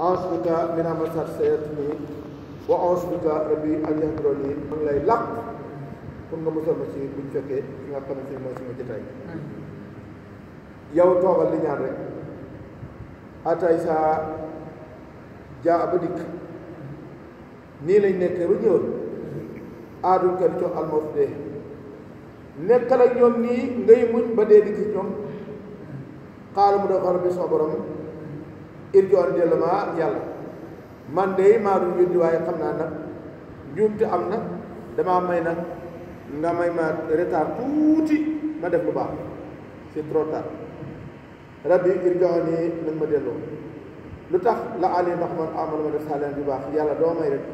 أعوذ بك من مسات سيئتني وأعوذ بك ربي أن يحضر لي من لا يلق pour nga musal ma ci buñ fekkee fi nga xamante ni mooy sama jotaay yow toogal li ñaan rek atay saa jaa ba dikk nii lañ nekkee ba ñëwoon aadul kan co almoof dee nekkal ak ñoom nii ngay muñ ba dee dikk ñoom xaaral mu doxal bi soo borom irjoon dellu ma yàlla man de maa du weddi waaye xam naa nag njuumte am na damaa may nag nga may ma retard tuuti ma def lu baax c'est trop tard rabbi irjooni nag ma delloo lu tax la ali ndax man amal ma def saaleen bu baax yàlla doo may rek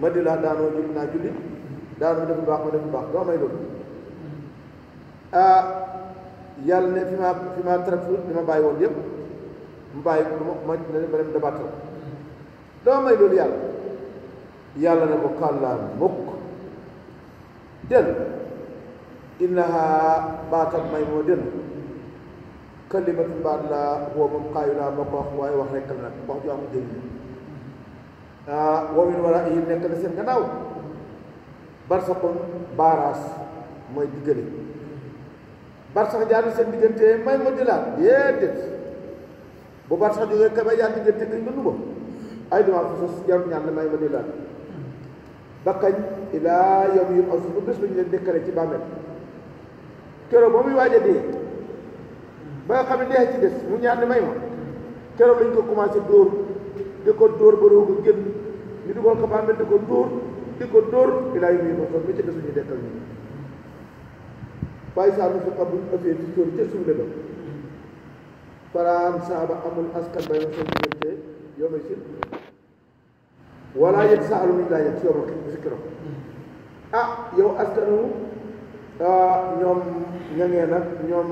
ma di laa daanoo jul naa julli daanoo def lu baax ma def lu baax doo may loolu ah, yàlla ne fi ma fi ma traite li ma bàyyi woon yëpp mu bàyyi ko ma ma dem débat ko doo may loolu yàlla yàlla ne ko kàllaa mukk del innaha baatam may moo del kalimatu baat laa woo moom xaayu laa moo ko wax waaye wax rek la nag wax ju am jëriñ ah woo min wala yi nekk na seen gannaaw barsaqun baaraas mooy diggale barsax jaar seen diggante may ma dilaat déedéet bu Barça jógee Kébé yaa ngi jëm te kañ ba Louga ay damaa ko sos jarul ñaan damay ma déglaat ba kañ ilaa yawmi yub'asu bu bés bu ñu leen dékkale ci bàmmeel keroog ba muy waaj a dee ba nga xam ne dee ci des mu ñaan ne may ma keroog lañ ko commencé dóor di ko dóor ba roog a génn ñu dugal ko bàmmeel di ko dóor di ko dóor ilaa yawmi yub'asu ba ci des bu ñu dekkal ñu bàyyi saa nu fi xamul affaire ci cóor ca suuf la faraam saaba amul askan ba yoon seen diggante yow may si walla yëg sa alum yi laa yëg si yow ma si keroog ah yow askanu ah, ñoom ñangee nag ñoom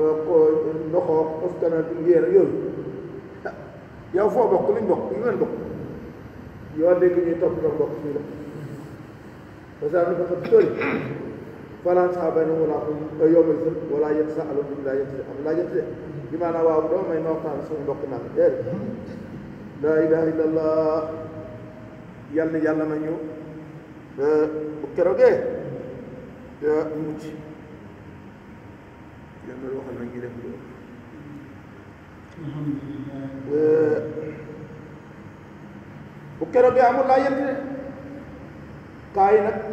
ah, ndoxoo askana yéer yooyu yow foo bokk luñ bokk yu ngeen bokk yoo dégg ñuy topp doom bokk suñu la parce que am na ko xam فلا تابن ولا يوم يزل ولا يجزع لهم إلا يجزع لا يجزع بمعنى واو دوما ينوقع نسون بقنا لا إله إلا الله يلا يلا من يو اه، بكروجي يا موت يلا روح المنجي لك الحمد لله اه، بكروجي أمور لا يجزع كائنات